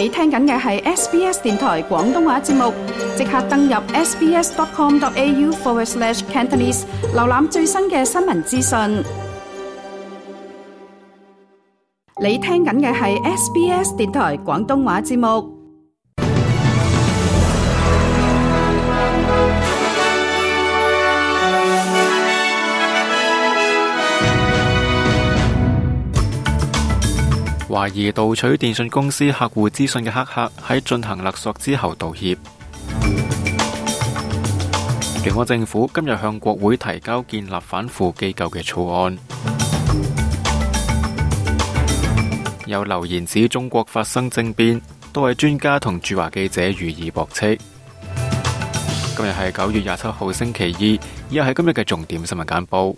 你聽緊嘅係 SBS 電台廣東話節目，即刻登入 sbs.com.au forward slash cantonese，瀏覽最新嘅新聞資訊。你聽緊嘅係 SBS 電台廣東話節目。懷疑盜取電訊公司客戶資訊嘅黑客喺進行勒索之後道歉。聯邦政府今日向國會提交建立反腐機構嘅草案。有流言指中國發生政變，多位專家同駐華記者予以駁斥。今日係九月廿七號星期二，以下係今日嘅重點新聞簡報。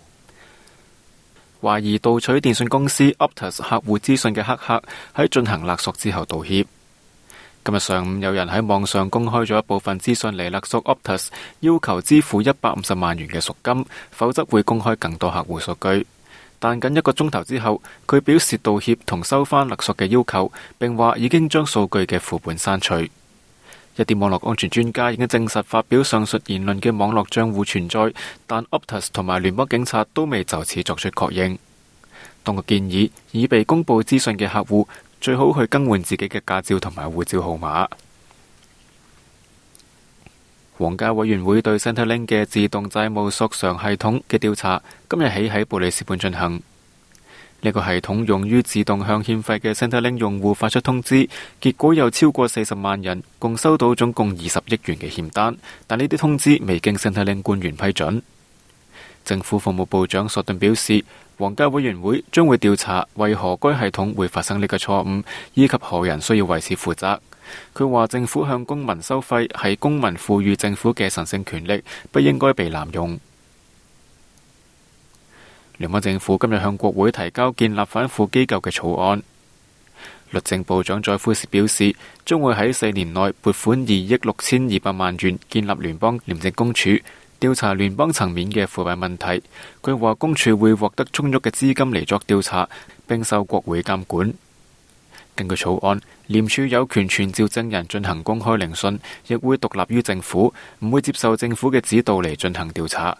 懷疑盜取電信公司 Optus 客戶資訊嘅黑客喺進行勒索之後道歉。今日上午，有人喺網上公開咗一部分資訊嚟勒索 Optus，要求支付一百五十萬元嘅贖金，否則會公開更多客戶數據。但僅一個鐘頭之後，佢表示道歉同收返勒索嘅要求，並話已經將數據嘅副本刪除。一啲網絡安全專家已經證實發表上述言論嘅網絡帳戶存在，但 Optus 同埋聯邦警察都未就此作出確認。當局建議已被公佈資訊嘅客戶最好去更換自己嘅駕照同埋護照號碼。皇家委員會對 Centrelink 嘅自動債務索償系統嘅調查今日起喺布里斯本進行。呢個系統用於自動向欠費嘅 Centrelink 用戶發出通知，結果有超過四十萬人共收到總共二十億元嘅欠單，但呢啲通知未經 Centrelink 官員批准。政府服務部長索頓表示，皇家委員會將會調查為何該系統會發生呢個錯誤，以及何人需要為此負責。佢話政府向公民收費係公民賦予政府嘅神聖權力，不應該被濫用。聯邦政府今日向國會提交建立反腐機構嘅草案。律政部長再夫斯表示，將會喺四年內撥款二億六千二百萬元建立聯邦廉政公署，調查聯邦層面嘅腐敗問題。佢話公署會獲得充足嘅資金嚟作調查，並受國會監管。根據草案，廉署有權傳召證人進行公開聆訊，亦會獨立於政府，唔會接受政府嘅指導嚟進行調查。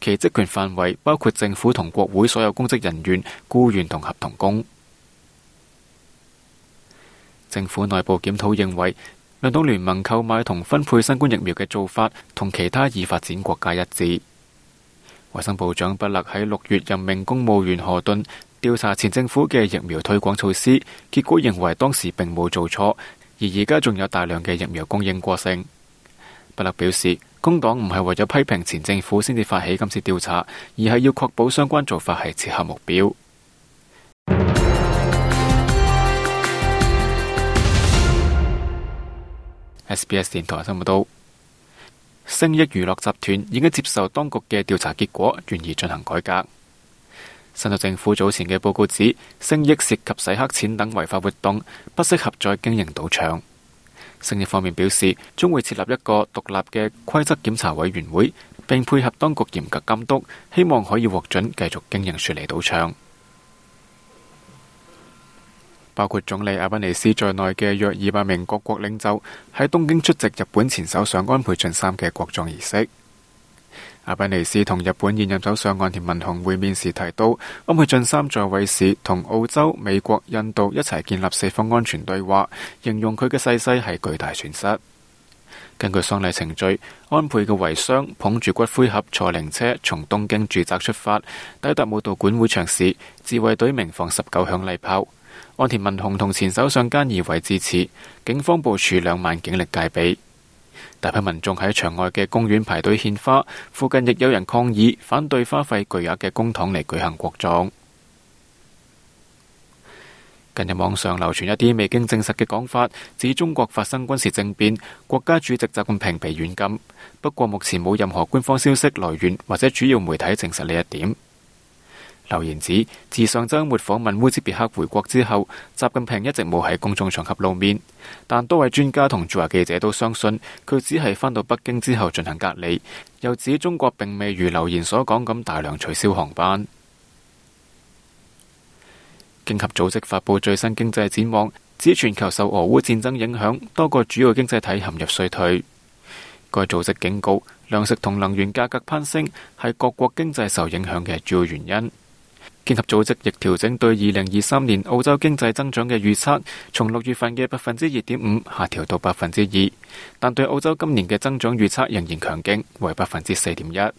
其職權範圍包括政府同國會所有公職人員、僱員同合同工。政府內部檢討認為，兩黨聯盟購買同分配新冠疫苗嘅做法同其他已發展國家一致。衞生部長布勒喺六月任命公務員何頓調查前政府嘅疫苗推廣措施，結果認為當時並冇做錯，而而家仲有大量嘅疫苗供應過剩。布勒表示。工黨唔係為咗批評前政府先至發起今次調查，而係要確保相關做法係切合目標。SBS 電台新聞都，星益娛樂集團已經接受當局嘅調查結果，願意進行改革。新州政府早前嘅報告指，星益涉及洗黑錢等違法活動，不適合再經營賭場。星億方面表示，將會設立一個獨立嘅規則檢查委員會，並配合當局嚴格監督，希望可以獲准繼續經營雪梨賭場。包括總理阿賓尼斯在內嘅約二百名各國領袖喺東京出席日本前首相安倍晉三嘅國葬儀式。阿比尼斯同日本現任首相岸田文雄會面時提到，安倍晉三在位時同澳洲、美國、印度一齊建立四方安全對話，形容佢嘅逝世係巨大損失。根據喪禮程序，安倍嘅遺孀捧住骨灰盒坐靈車從東京住宅出發，抵達武道館會場時，自衛隊鳴放十九響禮炮。岸田文雄同前首相菅義偉致辭，警方部署兩萬警力戒備。大批民眾喺場外嘅公園排隊獻花，附近亦有人抗議反對花費巨額嘅公帑嚟舉行國葬。近日網上流傳一啲未經證實嘅講法，指中國發生軍事政變，國家主席習近平被軟禁。不過目前冇任何官方消息來源或者主要媒體證實呢一點。留言指，自上周末訪問烏茲別克回國之後，習近平一直冇喺公眾場合露面。但多位專家同駐華記者都相信，佢只係返到北京之後進行隔離。又指中國並未如留言所講咁大量取消航班。經合組織發佈最新經濟展望，指全球受俄烏戰爭影響，多個主要經濟體陷入衰退。該組織警告，糧食同能源價格攀升係各國經濟受影響嘅主要原因。經合組織亦調整對二零二三年澳洲經濟增長嘅預測，從六月份嘅百分之二點五下調到百分之二，但對澳洲今年嘅增長預測仍然強勁，為百分之四點一。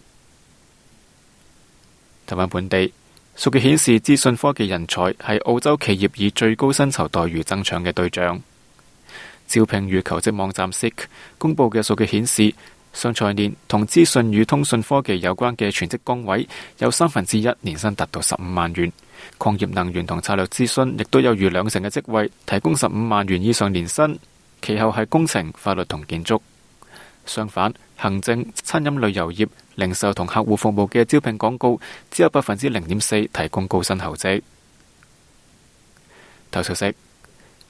同埋本地，數據顯示資訊科技人才係澳洲企業以最高薪酬待遇爭搶嘅對象。招聘與求職網站 Seek 公佈嘅數據顯示。上財年同資訊與通訊科技有關嘅全職崗位有三分之一年薪達到十五萬元。礦業、能源同策略諮詢亦都有逾兩成嘅職位提供十五萬元以上年薪。其後係工程、法律同建築。相反，行政、餐飲、旅遊業、零售同客戶服務嘅招聘廣告只有百分之零點四提供高薪厚職。頭條四，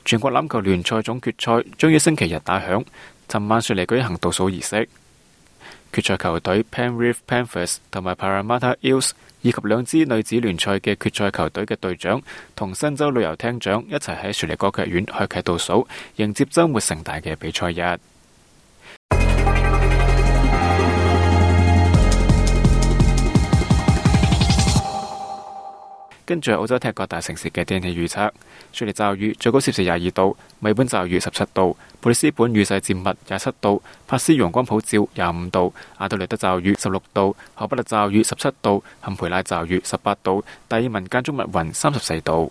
全國籃球聯賽總決賽將於星期日打響。尋晚順利舉行倒數儀式。決賽球隊 Penrith Panthers 同埋 Paramatta Eels 以及兩支女子聯賽嘅決賽球隊嘅隊長同新州旅遊廳長一齊喺雪梨歌劇院開劇倒數，迎接周末盛大嘅比賽日。跟住澳洲踢各大城市嘅天氣預測，雪梨驟雨，最高攝氏廿二度；墨本驟雨十七度；普里斯本雨勢漸密廿七度；帕斯陽光普照廿五度；阿德萊德驟雨十六度；荷北勒驟雨十七度；坎培拉驟雨十八度；第二民間中密雲三十四度。